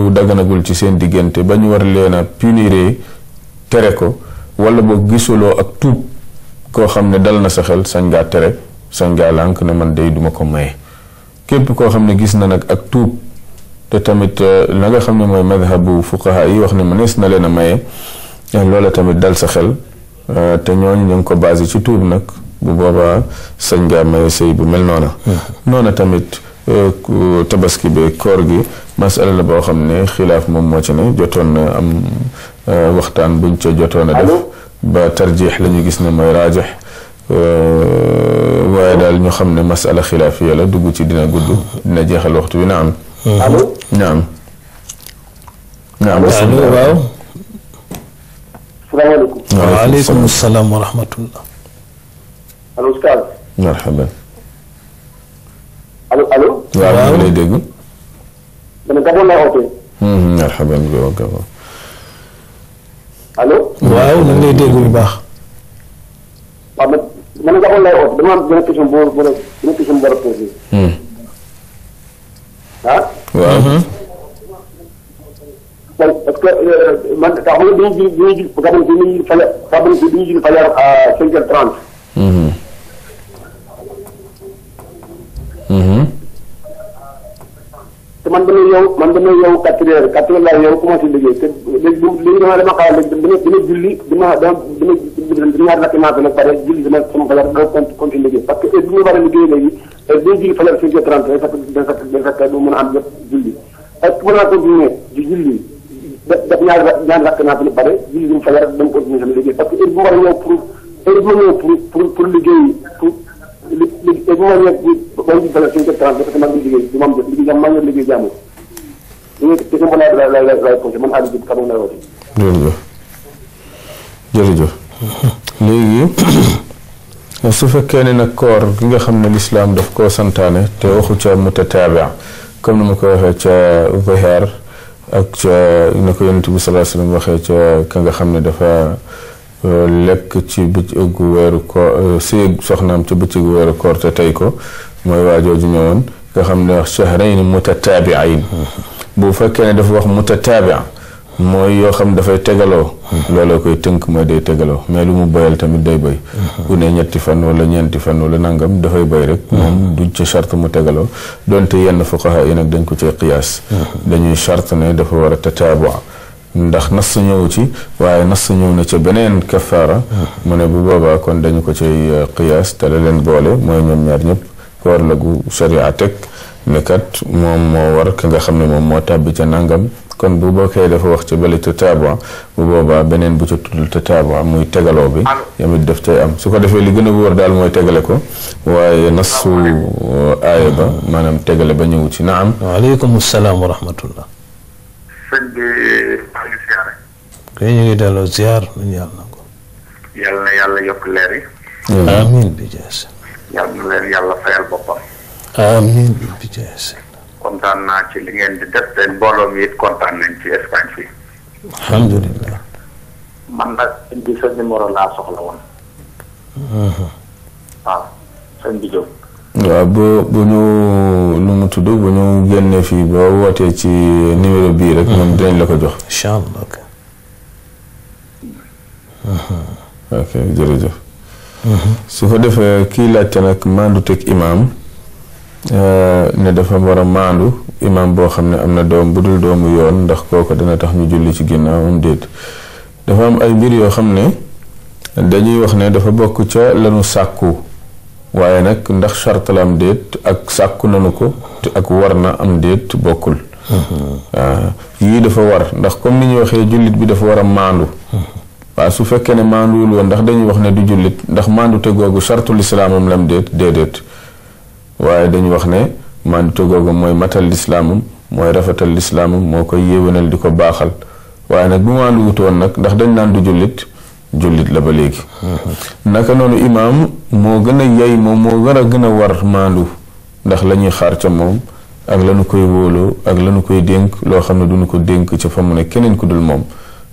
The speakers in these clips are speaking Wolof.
lu daganagul ci seen diggante ba ñu war leen a punire tere ko wala boo gisuloo ak tuub koo xam ne dal na sa xel sañ ngaa tere sañ ngaa lànk ne man day duma ko maye képp koo xam ne gis na nag ak tuub te tamit euh, la nga xam ne mooy madhabu fuqaha yi wax ne mënees na leen a maye euh, loola tamit dal sa xel euh, te ñooñu ñu ngi ko basé ci tuub nag bu boobaa sañ ngaa maye sëy bu mel noona mmh. noona tamit Euh, tabaski bi koor gi masala la boo xam ne xilaaf moom moo ci ne jotoon na am euh, waxtaan buñ ca jotoon a def ba tarjix la ñu gis ne mooy raajax euh, waaye daal ñu xam ne masala xilaaf yi la dugg ci dina gudd dina jeexal waxtu bi naam naam naam waaw salaamaaleykum waaleykum salaam wa rahmatullah allo ustaz marhaban allo allo. waaw maa ngi lay dégg. man Gabon laa ootee. alhamdulilah Gabon. allo. waaw ñu ngi lay dégg bu baax. waaw man man Gabon lay oot dama am benn question bu ma benn question bu war a posé. ah. waaw. est-ce que man tax na dañuy dañuy Gabon dañuy fële Gabon dañuy fële à 5h30. Mm-hmm. te man damay yow man damay yow quatre heures quatre heures laa yow commencé liggéey te léegi léegi dama dama xaw a léegi dama dama julli dama dama dama ñaar rakk naa ko nag pare julli dama sama fajar dama continué liggéey parce que heure bi ma war a liggéey léegi heure bi julli fajar cinq heures trente day fekk day fekk day fekk du mën a am jot julli parce que mën naa continué di julli def def ñaar ñaar rakk naa ko nag pare julli dama fajar dama continué sama liggéey parce que heure bi ma war a ñëw pour heure bi ma ñëw pour pour pour liggéey dafa war a bañ ci bële suñu trente parce que man du liggéey du ma am jot liggéey maa yor liggéey jàmm te sama laaj la la la posé man Aliou Diouf xamoon na woote. jërëjëf jërëjëf léegi su fekkee ne nag koor gi nga xam ne lislaam daf koo santaane te waxu ca mutataabia comme ni ma ko waxee ca zihaar ak ca na ko yonent bi salaa sallam waxee ca ka nga xam ne dafa. lekk ci bëccëgu weeru koor euh, si soxnaam ci bëccëgu weeru koor te tey ko mooy waajooju ñëwoon nga xam ne wax shahrayni mutataabiayn bu fekkee ne dafa wax mutataabia mooy yoo xam dafay tegaloo looloo koy tënk mooy day tegaloo mais lu mu boyal tamit day bay bu ne ñetti fan wala ñeenti fan wala nangam dafay boy rek moom duñ ci charte mu tegaloo donte yenn fuqaha yi nag dañ ko ci qiyaas dañuy charte ne dafa war a tataabua ndax nas sa ci waaye nas sa ñëw na ca beneen kafaara mm-hmm. mu ne bu boobaa kon dañu ko cay uh, qiyaas te la boole mooy ñoom ñaar ñëpp koor la gu sharia teg ne kat moom moo war ka nga xam ne moom moo bi ca nangam kon bu bokkee dafa wax ci bële te bu boobaa beneen bu ca tuddul te muy tegaloo bi yamit def cay am su ko defee li gën a wóor daal mooy tegale ko waaye nasu uh, aaya ba maanaam tegale ba ñëw ci naam. waaleykum salaam wa rahmatullah. kay ñu ngi delloo ziar nañu yàlla na ko. yàlla yàlla leer yàlla na fayal boppam. amiin bi jeex. kontaan naa ci li ngeen di def te mbooloo mi it kontaan nañ ci Espagne fii. alhamdulilah. man nag indi sa numéro laa soxla woon. waaw sëñ bi Diop. waaw bu ñu nu mu tudd bu ñu génnee fii boo wootee ci numéro bii rek. moom dinañ la ko jox. incha ok mhm. su ko defee kii laajte nag maandu teg imaam eh, ne dafa war a maandu imaam boo xam ne am na doom bu dul doomu yoon ndax kooku dana tax ñu julli ci ginnaawam déet dafa am ay mbir yoo xam ne dañuy wax ne dafa bokk ca lanu sàkku waaye nag ndax chartalam déet ak sàkku nanu ko ak war na am déet bokkul. Mhm. Ah, yii dafa war ndax comme ni ñu waxee jullit bi dafa war a maandu. Mhm. waaw su fekkee ne maanduwul woon ndax dañuy wax ne du jullit ndax maandute googu sartul islaamam lam déet déedéet waaye dañu wax ne maandute googu mooy matal lislaamam mooy rafetal lislaamam moo koy yéwénal di ko baaxal waaye nag bu maandu wut nag ndax dañ naan du jullit jullit la ba léegi mm-hmm. naka noonu imaam moo gën a yey moom moo war a gën a war maandu ndax la ñuy xaar ca moom ak la ñu koy wóoloo ak la ñu koy dénk loo xam ne du ñu ko dénk ca fa ne keneen ku dul moom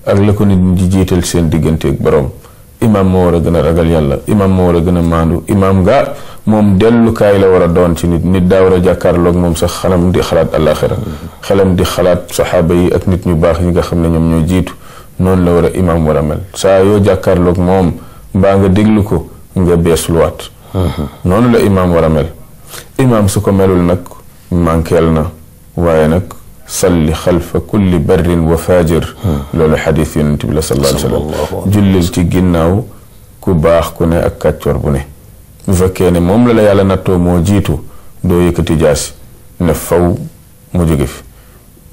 ak la ko nit ñi di jiital seen digganteeg borom imaam moo war a gën a ragal yàlla imaam moo war a gën a maandu imaam nga moom dellukaay la war a doon ci nit nit daa war a jàkkaarloog moom sax xelam di xalaat alaxira xelam di xalaat saxaaba yi ak nit ñu baax yi nga xam ne ñoom ñoo jiitu noonu la war a imaam war a mel saa yoo jàkkaarloog moom mbaa nga déglu ko nga beesluwaat. noonu la imaam war a mel imaam su ko melul nag manqueel na waaye nag. salli xalfa kulli barrin wa faajir hmm. loolu xadiis yonent bi la sallallahu alayhi wa sallam jullil ci ginnaaw ku baax ku ne ak kàccoor bu ne bu fekkee ne moom la la yàlla nattoo moo jiitu doo yëkkati jaasi ne faw mu jóge fi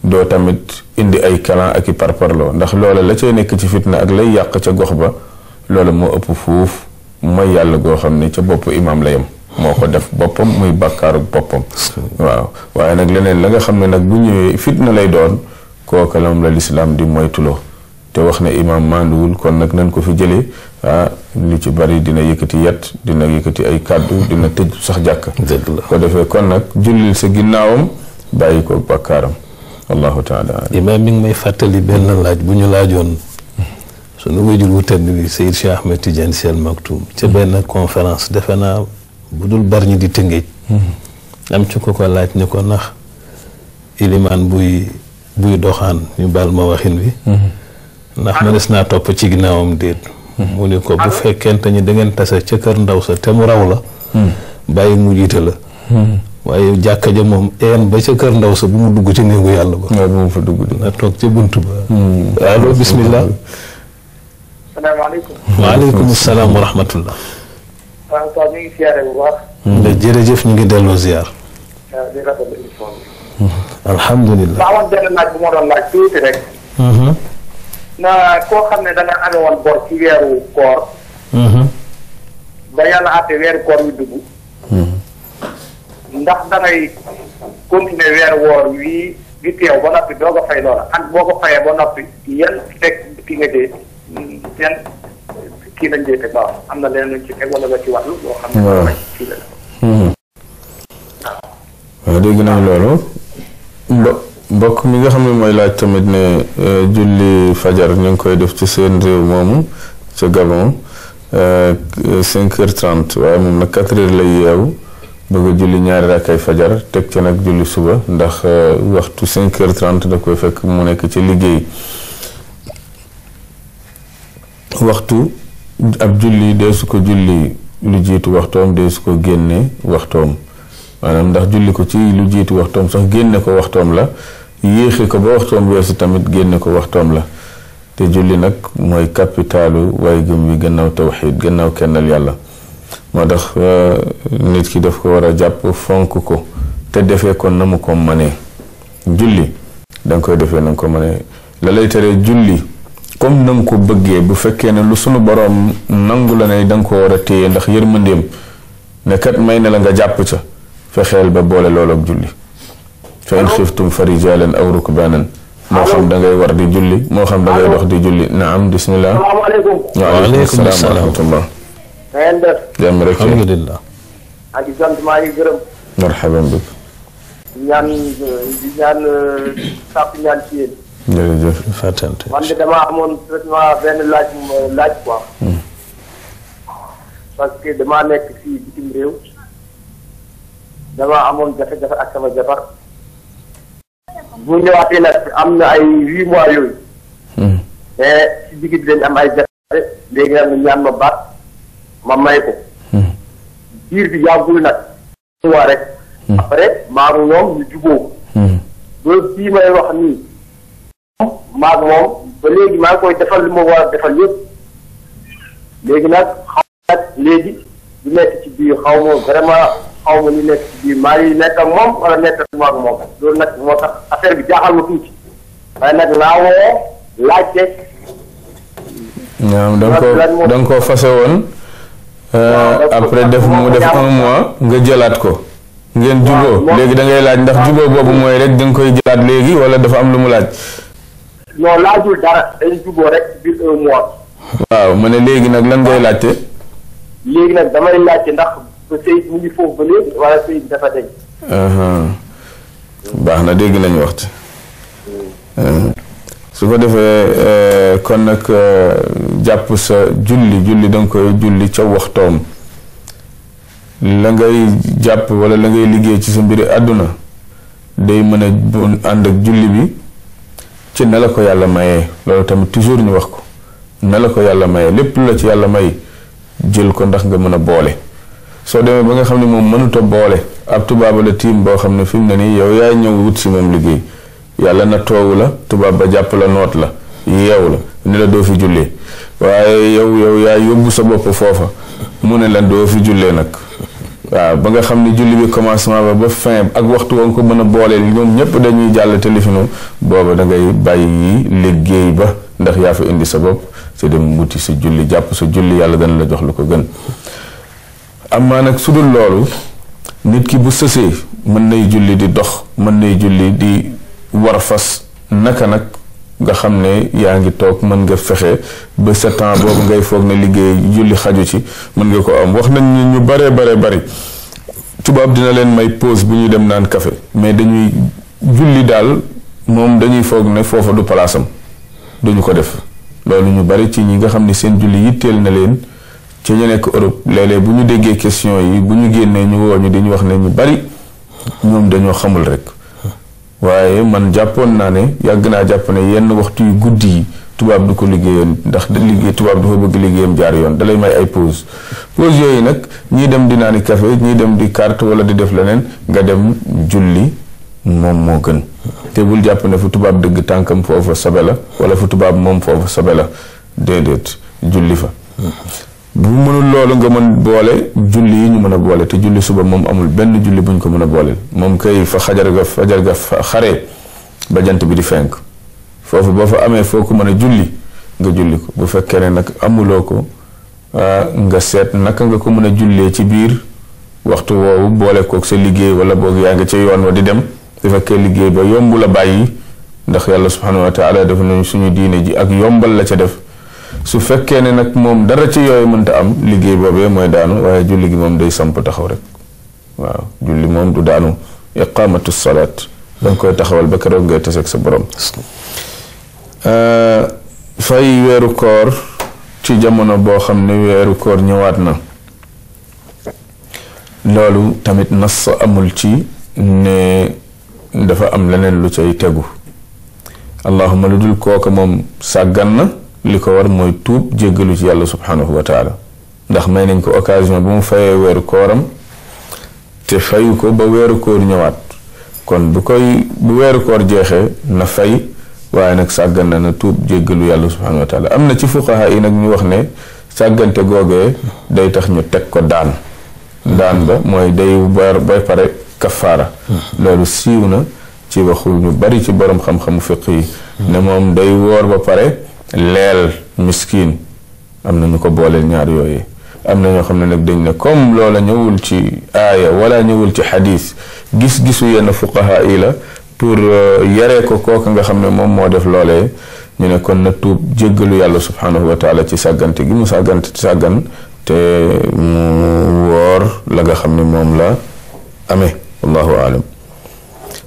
doo tamit indi ay kalan ak i parparloo ndax loola la cay nekk ci fitna ak lay yàq ca gox ba loola moo ëpp fuuf mooy yàlla goo xam ne ca bopp imaam la yem moo ko def boppam muy bàkkaaru boppam waaw waaye nag leneen la nga xam ne nag bu ñëwee fitna lay doon kooka lam la lislaam di moytuloo te wax ne imaam manduwul kon nag nañ ko fi jëlee ah lu ci bari dina yëkkati yet dina yëkkati ay kàddu dina tëj sax jàkk ko defee kon nag jullil sa ginnaawam bàyyi ko bàkkaaram allahu taala imaam mi ngi may fàttali benn laaj bu ñu laajoon sunu wajur wu tedd bi Seyd Cheikh Ahmed Tidiane Sy Al Maktoum ca benn conférence defe naa bu dul bar ñi di tëngéej hmm. am ci ko ko laaj ni ko ndax ilimaan buy buy doxaan ñu bal ma waxin wi hmm. ndax mënees naa topp ci ginnaawam déet hmm. mu ni ko bu fekkente ñi dangeen ngeen tase ca kër ndaw sa te mu raw la bàyyi mu jiite la waaye jàkka ja moom een ba ca kër ndaw sa bu mu dugg ci néegu yàlla ba waaw fa dugg dina toog ca bunt ba allo bismillah salaamaaleykum waaleykum salaam wa rahmatullah waaw Pape ñu ngi siyaare bu baax. jërëjëf ñu ngi delloo ziar. waaw di rafetlu émission mhm. laaj bu ma doon laaj tuuti rek. Mhm. koo xam ne da nga amee woon ci weeru koor. Mhm. ba yàlla àtte weeru koor yu dugg. ndax da ngay continuer weeru woor wii di teew ba noppi doo ko fay loola ak boo ko fayee ba noppi yan teg ki nga dee yan. kii lañ koy teg ba am na hmm. dégg naa loolu. mbo mbokk mi nga xam ne mooy laaj tamit ne euh, julli fajar ñu ngi koy def ci seen réew moomu ca Gabon euh, cinq heures trente waaye moom nag quatre heures lay yeewu bëgg a julli ñaari rakkay fajar teg ca nag julli suba ndax euh, waxtu cinq heures trente da koy fekk mu nekk ci liggéey waxtu ab julli dee su ko julli lu jiitu waxtoom dee su ko génne waxtoom maanaam ndax julli ko ci lu jiitu waxtoom sax génne ko waxtoom la yéexe ko ba waxtoom weesu tamit génne ko waxtoom la te julli nag mooy capitalu waaye gëm wi gannaaw tawxiid gannaaw kennal yàlla moo tax euh, nit ki daf ko war a jàpp fonk ko te defee ko na mu ko mënee julli danga koy defee na nga ko mënee la lay tere julli comme na nga ko bëggee bu fekkee ne lu sunu boroom nangu la ne da nga ko war a téye ndax yërmandeem ne kat may na la nga jàpp ca fexeel ba boole loolu ak julli fa in xiftum fa rijalan aw rukbanan moo xam da ngay war di julli moo xam da ngay dox di julli naam bismillah waaleykum salaam wa rahmatullah na ngeen def jàmm rek alhamdulillah ak sant maa ngi gërëm marhaban bik ñaan ñaan euh, sàpp ñaan ci yéen jërëjëf fàttante man de damaa amoon traitement benn laaj laaj quoi. Hmm. parce que damaa nekk fii bitim réew. damaa amoon jafe-jafe ak sama jabar. bu ñëwaatee nag am na ay huit mois yooyu. mais hmm. si eh, digg bi am ay jafe léegi nag ñu ñaan ma baat ma may ko. biir hmm. bi yàggul nag. waa après maa ngi ñoom ñu jubóo. loolu bii may ma moom ba léegi maa ngi koy defal li ma war a defal yëpp léegi nag xaw ma léegi lu nekk ci biir xaw ma vraiment xaw ma lu nekk ci biir maa ngi nekk ak moom wala nekk moom loolu nag moo tax affaire bi jaaxal ma tuuti waaye nag laa woo laajte. waaw da nga koo da nga koo fase woon. Euh, après def mu def un mois nga jëlaat ko. ngeen juboo léegi da ngay laaj ndax juboo boobu mooy rek da nga koy jëlaat léegi wala dafa am lu mu laaj. non laajul dara dañ waaw ma ne léegi nag lan ngay laajte. léegi nag damay laajte ndax ba na dégg nañu waxtu. Hmm. su ko defee euh, kon nag euh, jàpp sa julli julli da koy julli ca waxtoom la ngay jàpp wala la ngay liggéey ci sa mbiri àdduna day mën a ànd ak julli bi. ci na la ko yàlla mayee loolu tamit toujours ñu wax ko na la ko yàlla mayee lépp lu la ci yàlla may jël ko ndax nga mën a boole soo demee ba nga xam ne moom mënut boole ab tubaab la tiim boo xam ne fi mu ne nii yow yaay ñëw wut si moom liggéey yàlla na toogu la tubaab ba jàpp la noot la yeew la ne la doo fi jullee waaye yow yow yaay yóbbu sa bopp foofa mu ne la doo fi jullee nag. waaw ba nga xam ne julli bi commencement ba ba fin ak waxtu woon ko mën a booleel ñoom ñëpp dañuy jàll téléphone booba da ngay bàyyi liggéey ba ndax yaa fa indi sa bopp sa dem wuti sa julli jàpp sa julli yàlla dana la jox lu ko gën amaa nag su dul loolu nit ki bu sësee mën nay julli di dox mën nay julli di war fas naka nag nga xam ne yaa ngi toog mën nga fexe ba sa temps boobu ngay foog ne liggéey julli xaju ci mën nga ko am wax nañ ñu bare bare bari tubaab dina leen may pose bu ñuy dem naan kafe mais dañuy julli daal moom dañuy foog ne foofa du palaasam duñu ko def loolu ñu bari ci ñi nga xam ni seen julli yitteel na leen ci ñu nekk Europe léeg bu ñu déggee question yi bu ñu génnee ñu woo ñu dañu wax ne ñu bari moom dañoo xamul rek waaye man jàppoon naa ne yàgg naa jàpp ne yenn waxtu yu guddi yi tubaab du ko liggéeyoon ndax da liggéey tubaab dafa bëgg liggéeyam jaar yoon dalay may ay pause pause yooyu nag ñii dem di naani café ñii dem di carte wala di def leneen nga dem julli moom moo gën te bul jàpp ne fu tubaab dëgg tànkam foofa sobe la wala fu tubaab moom foofu sobe la déedéet julli fa bu mënul loolu nga mën boole julli yi ñu mën a boole te julli suba moom amul benn julli buñ ko mën a booleel moom kay fa xajar ga fajar ga xare ba jant bi di fenk foofu boo fa amee foo ko mën a julli nga julli ko bu fekkee ne nag amuloo ko ah, nga seet naka nga ko mën a jullee ci biir waxtu woowu boole kook sa liggéey wala boog yaa ngi ca yoon wa di dem bu fekkee liggéey ba yomb la bàyyi ndax yàlla subhanahu wa taala def nañ suñu diine ji ak yombal la ca def su fekkee ne nag moom dara ci yooyu mënta am liggéey boobee mooy daanu waaye julli gi moom day samp taxaw rek waaw julli moom du daanu iqaamatu salaat danga koy taxawal ba keroog ngay taseeg sa borom euh, fay weeru koor ci jamono boo xam ne weeru koor ñëwaat na loolu tamit nas amul ci ne dafa am leneen lu cay tegu allahuma lu dul kooka moom sàggan na li ko war mooy tuub jéggalu ci yàlla subhanahu wa ndax may nañ ko occasion bi mu fayee weeru kooram te fayu ko ba weeru koor ñëwaat kon bu koy bu weeru koor jeexee na fay waaye nag sàggan na na tuub jéggalu yàlla subhanahu wa am na ci fuqaha yi nag ñu wax ne sàggante googee day tax ñu teg ko daan daan ba mooy day bar bay pare kafaara loolu siiw na ci waxu ñu bari ci borom xam-xamu fiq yi ne moom day woor ba pare leel miskin am na ñu ko booleel ñaar yooyu am na ñoo xam ne nag dañ ne comme loola ñëwul ci aaya wala ñëwul ci xadis gis-gisu yenn fuqaha yi la pour euh, yaree ko kooka nga xam ne moom moo def loolee ñu ne kon na tuub jéggalu yàlla subhanahu wa taala ci sàggante gi mu sàggante ci sàggan te mu woor la nga xam ne moom la ame wallahu aalam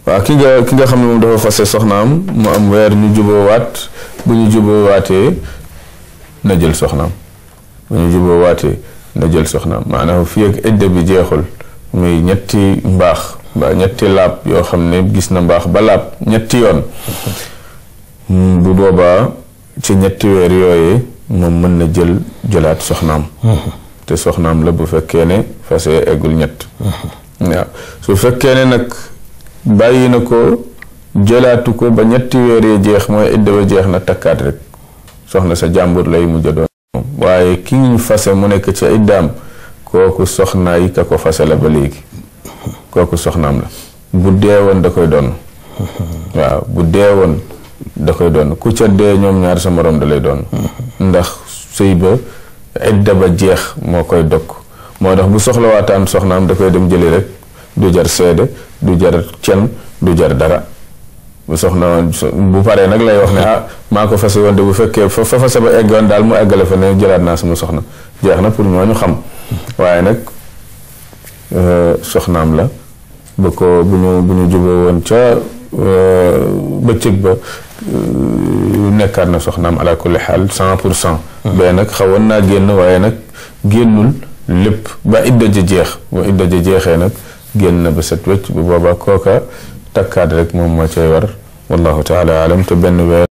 waaw ki nga ki nga xam ne moom dafa fase soxnaam mu am weer ñu juboowaat bu ñu juboo waatee na jël soxnaam bu ñu juboo waatee na jël soxnaam maanaam fii ak idda bi jeexul muy ñetti mbaax mbaa ñetti laab yoo xam ne gis na mbaax ba laab ñetti yoon bu boobaa ci ñetti weer yooyu moom mën na jël jëlaat soxnaam te soxnaam la bu fekkee ne fase eggul ñett mm-hmm. waaw su fekkee ne nag bàyyi na ko jëlaatu ko ba ñetti weer yi jeex mooy idda ba jeex na takkaat rek soxna sa jàmbur lay mujj doon waaye ki ñu fase mu nekk ca iddaam kooku soxna yi ka ko fase la ba léegi kooku soxnaam la bu deewoon da koy doon waaw bu deewoon da koy doon ku ca dee ñoom ñaar sa morom da lay doon ndax sëy ba idda ba jeex moo koy dokk moo tax bu soxlawaataan soxnaam da koy dem jëli rek du jar seede du jar cen du jar dara bu soxna bu paree nag lay wax ne ah maa ko fas woon bu fekkee fa fa fase ba eggoon daal mu eggale fa ne jëlaat naa sama soxna jeex na pour ñooñu xam waaye nag euh, soxnaam la ba ko bu ñu bu ñu juboo woon ca euh, bëccëg ba euh, nekkaat na soxnaam ala kulli xaal cent pour cent bee nag xaw xawoon naa génn waaye nag génnul lépp ba idda ja jeex ba idda ja jeexee nag génn na ba set wecc bu boobaa kooka takkaat rek moom moo cay war wallahu taala alam te benn weer